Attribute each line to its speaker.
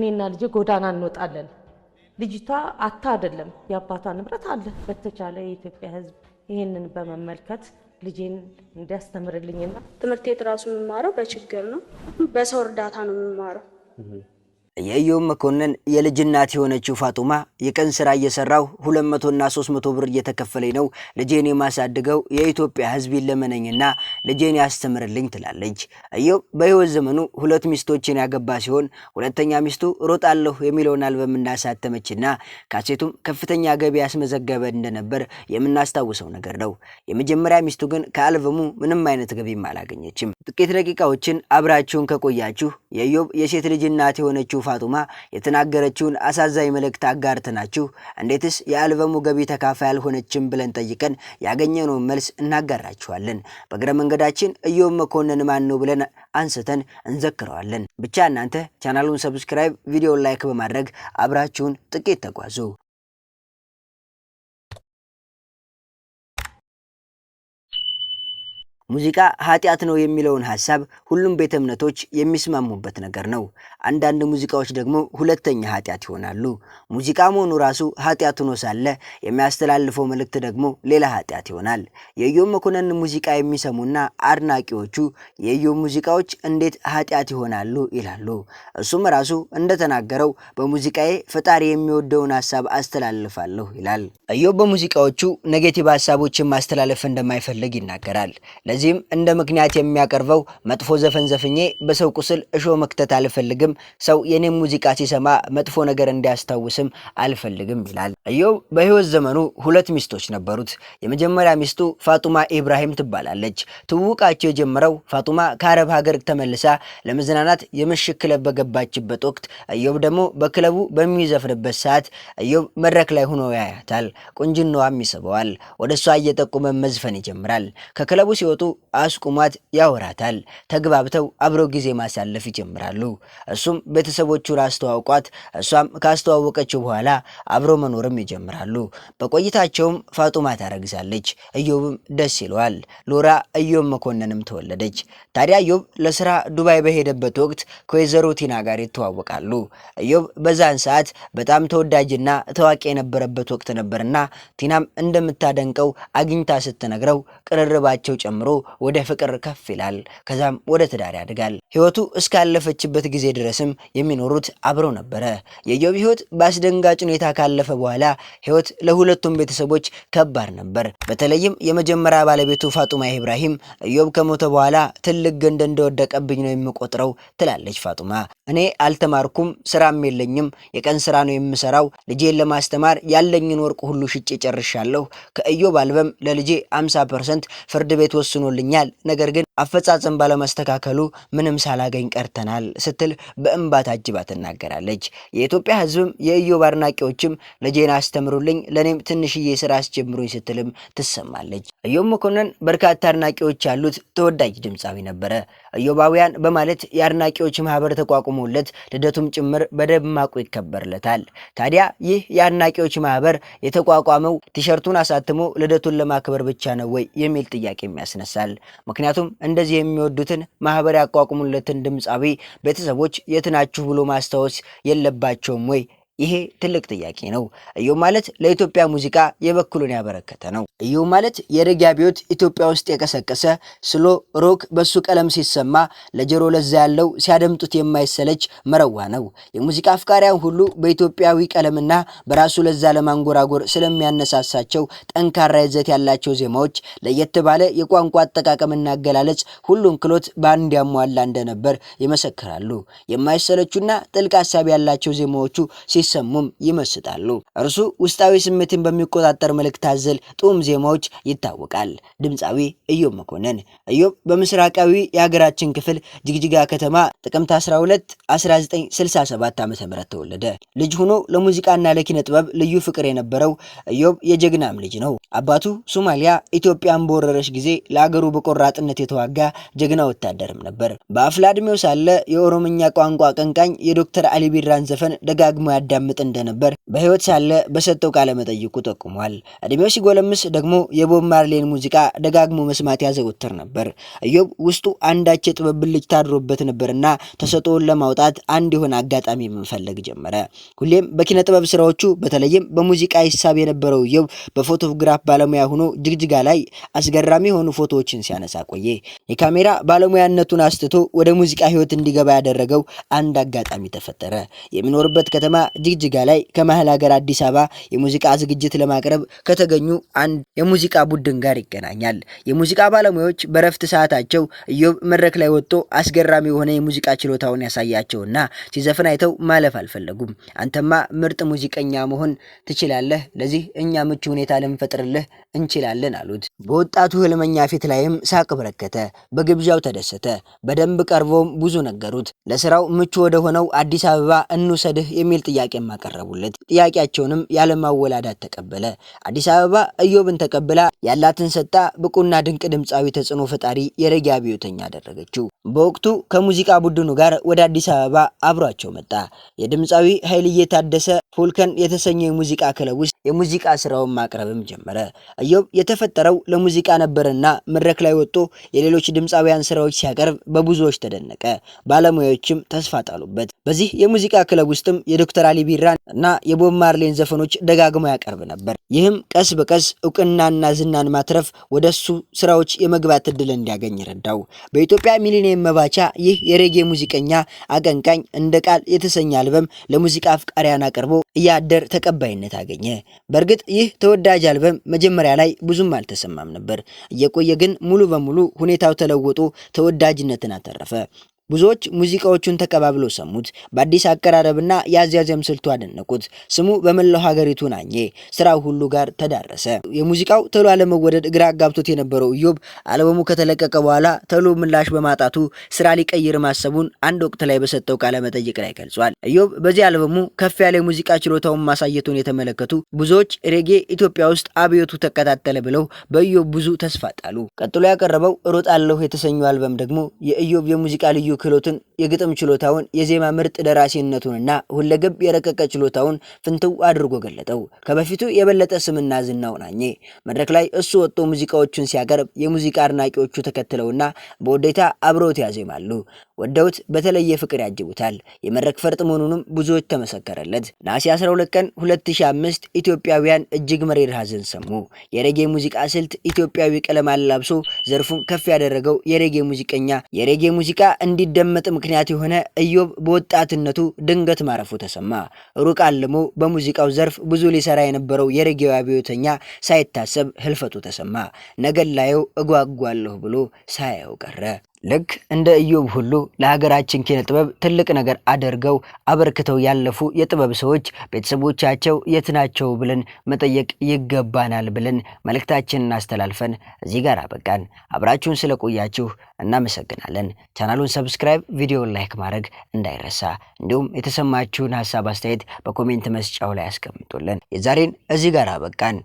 Speaker 1: እኔና ልጄ ጎዳና እንወጣለን። ልጅቷ አታ አይደለም የአባቷ ንብረት አለ። በተቻለ የኢትዮጵያ ሕዝብ ይህንን በመመልከት ልጄን እንዲያስተምርልኝና
Speaker 2: ትምህርት ቤት ራሱ የምማረው በችግር ነው፣ በሰው እርዳታ ነው የምማረው።
Speaker 3: የኢዮብ መኮንን የልጅ እናት የሆነችው ፋጡማ የቀን ስራ እየሰራሁ ሁለት መቶና ሶስት መቶ ብር እየተከፈለኝ ነው ልጄን የማሳድገው የኢትዮጵያ ህዝብ ለመነኝና ልጄን ያስተምርልኝ ትላለች። ኢዮብ በህይወት ዘመኑ ሁለት ሚስቶችን ያገባ ሲሆን ሁለተኛ ሚስቱ ሮጣለሁ የሚለውን አልበም እንዳሳተመችና ካሴቱም ከፍተኛ ገቢ ያስመዘገበ እንደነበር የምናስታውሰው ነገር ነው። የመጀመሪያ ሚስቱ ግን ከአልበሙ ምንም አይነት ገቢም አላገኘችም። ጥቂት ደቂቃዎችን አብራችሁን ከቆያችሁ የኢዮብ የሴት ልጅ እናት የሆነችው ፋቱማ የተናገረችውን አሳዛኝ መልእክት አጋርተናችሁ እንዴትስ የአልበሙ ገቢ ተካፋይ አልሆነችም ብለን ጠይቀን ያገኘነውን መልስ እናጋራችኋለን። በእግረ መንገዳችን እዮብ መኮንን ማን ነው ብለን አንስተን እንዘክረዋለን። ብቻ እናንተ ቻናሉን ሰብስክራይብ፣ ቪዲዮን ላይክ በማድረግ አብራችሁን ጥቂት ተጓዙ። ሙዚቃ ኃጢአት ነው የሚለውን ሐሳብ ሁሉም ቤተ እምነቶች የሚስማሙበት ነገር ነው። አንዳንድ ሙዚቃዎች ደግሞ ሁለተኛ ኃጢአት ይሆናሉ። ሙዚቃ መሆኑ ራሱ ኃጢአት ሆኖ ሳለ የሚያስተላልፈው መልእክት ደግሞ ሌላ ኃጢአት ይሆናል። የኢዮብ መኮንን ሙዚቃ የሚሰሙና አድናቂዎቹ የኢዮብ ሙዚቃዎች እንዴት ኃጢአት ይሆናሉ ይላሉ። እሱም ራሱ እንደተናገረው በሙዚቃዬ ፈጣሪ የሚወደውን ሐሳብ አስተላልፋለሁ ይላል። ኢዮብ በሙዚቃዎቹ ኔጌቲቭ ሐሳቦችን ማስተላለፍ እንደማይፈልግ ይናገራል። ለዚህም እንደ ምክንያት የሚያቀርበው መጥፎ ዘፈን ዘፍኜ በሰው ቁስል እሾ መክተት አልፈልግም፣ ሰው የኔም ሙዚቃ ሲሰማ መጥፎ ነገር እንዲያስታውስም አልፈልግም ይላል። እዮብ በህይወት ዘመኑ ሁለት ሚስቶች ነበሩት። የመጀመሪያ ሚስቱ ፋጡማ ኢብራሂም ትባላለች። ትውውቃቸው የጀመረው ፋጡማ ከአረብ ሀገር ተመልሳ ለመዝናናት የምሽት ክለብ በገባችበት ወቅት እዮብ ደግሞ በክለቡ በሚዘፍንበት ሰዓት እዮብ መድረክ ላይ ሆኖ ያያታል። ቁንጅናዋም ይስበዋል። ወደ እሷ እየጠቁመ መዝፈን ይጀምራል። ከክለቡ ሲወጡ አስቁሟት ያወራታል። ተግባብተው አብሮ ጊዜ ማሳለፍ ይጀምራሉ። እሱም ቤተሰቦቹን አስተዋውቋት፣ እሷም ካስተዋወቀችው በኋላ አብሮ መኖርም ይጀምራሉ። በቆይታቸውም ፋጡማ ታረግዛለች። እዮብም ደስ ይለዋል። ሎራ እዮብ መኮንንም ተወለደች። ታዲያ እዮብ ለስራ ዱባይ በሄደበት ወቅት ከወይዘሮ ቲና ጋር ይተዋወቃሉ። እዮብ በዛን ሰዓት በጣም ተወዳጅና ታዋቂ የነበረበት ወቅት ነበርና ቲናም እንደምታደንቀው አግኝታ ስትነግረው ቅርርባቸው ጨምሮ ወደ ፍቅር ከፍ ይላል። ከዛም ወደ ትዳር ያድጋል። ህይወቱ እስካለፈችበት ጊዜ ድረስም የሚኖሩት አብረው ነበረ። የኢዮብ ህይወት በአስደንጋጭ ሁኔታ ካለፈ በኋላ ህይወት ለሁለቱም ቤተሰቦች ከባድ ነበር። በተለይም የመጀመሪያ ባለቤቱ ፋጡማ ኢብራሂም ኢዮብ ከሞተ በኋላ ትልቅ ገንደ እንደወደቀብኝ ነው የምቆጥረው ትላለች ፋጡማ። እኔ አልተማርኩም፣ ስራም የለኝም፣ የቀን ስራ ነው የምሰራው። ልጄን ለማስተማር ያለኝን ወርቅ ሁሉ ሽጬ ጨርሻለሁ። ከኢዮብ አልበም ለልጄ 50 ፐርሰንት ፍርድ ቤት ወስኖ ሆኖልኛል። ነገር ግን አፈጻጸም ባለመስተካከሉ ምንም ሳላገኝ ቀርተናል ስትል በእንባ ታጅባ ትናገራለች። የኢትዮጵያ ሕዝብም የኢዮብ አድናቂዎችም ልጄን አስተምሩልኝ፣ ለእኔም ትንሽዬ ስራ አስጀምሩኝ ስትልም ትሰማለች። ኢዮብ መኮንን በርካታ አድናቂዎች ያሉት ተወዳጅ ድምፃዊ ነበረ። ኢዮባውያን በማለት የአድናቂዎች ማህበር ተቋቁሞለት ልደቱም ጭምር በደማቁ ይከበርለታል። ታዲያ ይህ የአድናቂዎች ማህበር የተቋቋመው ቲሸርቱን አሳትሞ ልደቱን ለማክበር ብቻ ነው ወይ የሚል ጥያቄም ያስነሳል። ምክንያቱም እንደዚህ የሚወዱትን ማህበር ያቋቁሙለትን ድምፃዊ ቤተሰቦች የትናችሁ ብሎ ማስታወስ የለባቸውም ወይ? ይሄ ትልቅ ጥያቄ ነው። እዮብ ማለት ለኢትዮጵያ ሙዚቃ የበኩሉን ያበረከተ ነው። እዮብ ማለት የሬጌ አብዮት ኢትዮጵያ ውስጥ የቀሰቀሰ ስሎ ሮክ በሱ ቀለም ሲሰማ ለጆሮ ለዛ ያለው ሲያደምጡት የማይሰለች መረዋ ነው። የሙዚቃ አፍቃሪያን ሁሉ በኢትዮጵያዊ ቀለምና በራሱ ለዛ ለማንጎራጎር ስለሚያነሳሳቸው ጠንካራ ይዘት ያላቸው ዜማዎች ለየት ባለ የቋንቋ አጠቃቀምና አገላለጽ ሁሉን ክሎት በአንድ ያሟላ እንደነበር ይመሰክራሉ። የማይሰለቹና ጥልቅ ሀሳብ ያላቸው ዜማዎቹ የሚሰሙም ይመስጣሉ። እርሱ ውስጣዊ ስሜትን በሚቆጣጠር መልእክት አዘል ጡም ዜማዎች ይታወቃል። ድምፃዊ ኢዮብ መኮንን ኢዮብ በምስራቃዊ የሀገራችን ክፍል ጅግጅጋ ከተማ ጥቅምት 12 1967 ዓ ም ተወለደ። ልጅ ሆኖ ለሙዚቃና ለኪነ ጥበብ ልዩ ፍቅር የነበረው ኢዮብ የጀግናም ልጅ ነው። አባቱ ሶማሊያ ኢትዮጵያን በወረረች ጊዜ ለአገሩ በቆራጥነት የተዋጋ ጀግና ወታደርም ነበር። በአፍላ ዕድሜው ሳለ የኦሮምኛ ቋንቋ አቀንቃኝ የዶክተር አሊ ቢራን ዘፈን ደጋግሞ ያዳ ሲያዳምጥ እንደነበር በህይወት ሳለ በሰጠው ቃለ መጠይቁ ጠቁሟል። እድሜው ሲጎለምስ ደግሞ የቦብ ማርሌን ሙዚቃ ደጋግሞ መስማት ያዘወትር ነበር። ኢዮብ ውስጡ አንዳች የጥበብ ብልጭ ታድሮበት ነበርና ተሰጥኦውን ለማውጣት አንድ የሆነ አጋጣሚ መፈለግ ጀመረ። ሁሌም በኪነ ጥበብ ስራዎቹ በተለይም በሙዚቃ ሂሳብ የነበረው ኢዮብ በፎቶግራፍ ባለሙያ ሆኖ ጅግጅጋ ላይ አስገራሚ የሆኑ ፎቶዎችን ሲያነሳ ቆየ። የካሜራ ባለሙያነቱን አስትቶ ወደ ሙዚቃ ህይወት እንዲገባ ያደረገው አንድ አጋጣሚ ተፈጠረ። የሚኖርበት ከተማ ጅግጅጋ ላይ ከመሀል ሀገር አዲስ አበባ የሙዚቃ ዝግጅት ለማቅረብ ከተገኙ አንድ የሙዚቃ ቡድን ጋር ይገናኛል። የሙዚቃ ባለሙያዎች በረፍት ሰዓታቸው እዮብ መድረክ ላይ ወጥቶ አስገራሚ የሆነ የሙዚቃ ችሎታውን ያሳያቸውና ሲዘፍን አይተው ማለፍ አልፈለጉም። አንተማ ምርጥ ሙዚቀኛ መሆን ትችላለህ፣ ለዚህ እኛ ምቹ ሁኔታ ልንፈጥርልህ እንችላለን አሉት። በወጣቱ ህልመኛ ፊት ላይም ሳቅ በረከተ። በግብዣው ተደሰተ። በደንብ ቀርቦም ብዙ ነገሩት። ለስራው ምቹ ወደ ሆነው አዲስ አበባ እንውሰድህ የሚል ጥያቄ ጥያቄም አቀረቡለት። ጥያቄያቸውንም ያለማወላዳት ተቀበለ። አዲስ አበባ እዮብን ተቀብላ ያላትን ሰጣ። ብቁና ድንቅ ድምፃዊ ተጽዕኖ ፈጣሪ የሬጌ አብዮተኛ አደረገችው። በወቅቱ ከሙዚቃ ቡድኑ ጋር ወደ አዲስ አበባ አብሯቸው መጣ። የድምፃዊ ኃይልዬ ታደሰ ፉልከን የተሰኘ የሙዚቃ ክለብ ውስጥ የሙዚቃ ስራውን ማቅረብም ጀመረ። እዮብ የተፈጠረው ለሙዚቃ ነበርና መድረክ ላይ ወጥቶ የሌሎች ድምፃውያን ስራዎች ሲያቀርብ በብዙዎች ተደነቀ። ባለሙያዎችም ተስፋ ጣሉበት። በዚህ የሙዚቃ ክለብ ውስጥም የዶክተር አሊ ቻሊ ቢራን እና የቦብ ማርሌን ዘፈኖች ደጋግሞ ያቀርብ ነበር። ይህም ቀስ በቀስ እውቅናና ዝናን ማትረፍ ወደ እሱ ስራዎች የመግባት እድል እንዲያገኝ ረዳው። በኢትዮጵያ ሚሊኒየም መባቻ ይህ የሬጌ ሙዚቀኛ አቀንቃኝ እንደ ቃል የተሰኘ አልበም ለሙዚቃ አፍቃሪያን አቅርቦ እያደር ተቀባይነት አገኘ። በእርግጥ ይህ ተወዳጅ አልበም መጀመሪያ ላይ ብዙም አልተሰማም ነበር። እየቆየ ግን ሙሉ በሙሉ ሁኔታው ተለውጦ ተወዳጅነትን አተረፈ። ብዙዎች ሙዚቃዎቹን ተቀባብለው ሰሙት። በአዲስ አቀራረብና የአዝያዝም ስልቱ አደነቁት። ስሙ በመላው ሀገሪቱ ናኘ፣ ስራው ሁሉ ጋር ተዳረሰ። የሙዚቃው ተሎ አለመወደድ ግራ አጋብቶት የነበረው ኢዮብ አልበሙ ከተለቀቀ በኋላ ተሎ ምላሽ በማጣቱ ስራ ሊቀይር ማሰቡን አንድ ወቅት ላይ በሰጠው ቃለ መጠይቅ ላይ ገልጿል። ኢዮብ በዚህ አልበሙ ከፍ ያለ የሙዚቃ ችሎታውን ማሳየቱን የተመለከቱ ብዙዎች ሬጌ ኢትዮጵያ ውስጥ አብዮቱ ተቀጣጠለ ብለው በኢዮብ ብዙ ተስፋ ጣሉ። ቀጥሎ ያቀረበው ሮጣለሁ የተሰኘው አልበም ደግሞ የኢዮብ የሙዚቃ ልዩ ክህሎትን፣ የግጥም ችሎታውን፣ የዜማ ምርጥ ደራሲነቱንና ሁለገብ የረቀቀ ችሎታውን ፍንትው አድርጎ ገለጠው። ከበፊቱ የበለጠ ስምና ዝናው ናኘ። መድረክ ላይ እሱ ወጥቶ ሙዚቃዎቹን ሲያቀርብ የሙዚቃ አድናቂዎቹ ተከትለውና በውዴታ አብረውት ያዜማሉ። ወደውት በተለየ ፍቅር ያጅቡታል። የመድረክ ፈርጥ መሆኑንም ብዙዎች ተመሰከረለት። ነሐሴ 12 ቀን 2005 ኢትዮጵያውያን እጅግ መሪር ሐዘን ሰሙ። የሬጌ ሙዚቃ ስልት ኢትዮጵያዊ ቀለም አላብሶ ዘርፉን ከፍ ያደረገው የሬጌ ሙዚቀኛ የሬጌ ሙዚቃ እንዲ እንዲደመጥ ምክንያት የሆነ ኢዮብ በወጣትነቱ ድንገት ማረፉ ተሰማ። ሩቅ አልሞ በሙዚቃው ዘርፍ ብዙ ሊሰራ የነበረው የሬጌው አብዮተኛ ሳይታሰብ ህልፈቱ ተሰማ። ነገን ላየው እጓጓለሁ ብሎ ሳያየው ቀረ። ልክ እንደ ኢዮብ ሁሉ ለሀገራችን ኪነ ጥበብ ትልቅ ነገር አድርገው አበርክተው ያለፉ የጥበብ ሰዎች ቤተሰቦቻቸው የት ናቸው ብለን መጠየቅ ይገባናል ብለን መልእክታችንን አስተላልፈን እዚህ ጋር አበቃን። አብራችሁን ስለቆያችሁ እናመሰግናለን። ቻናሉን ሰብስክራይብ፣ ቪዲዮን ላይክ ማድረግ እንዳይረሳ፣ እንዲሁም የተሰማችሁን ሀሳብ አስተያየት በኮሜንት መስጫው ላይ አስቀምጡልን። የዛሬን እዚህ ጋር አበቃን።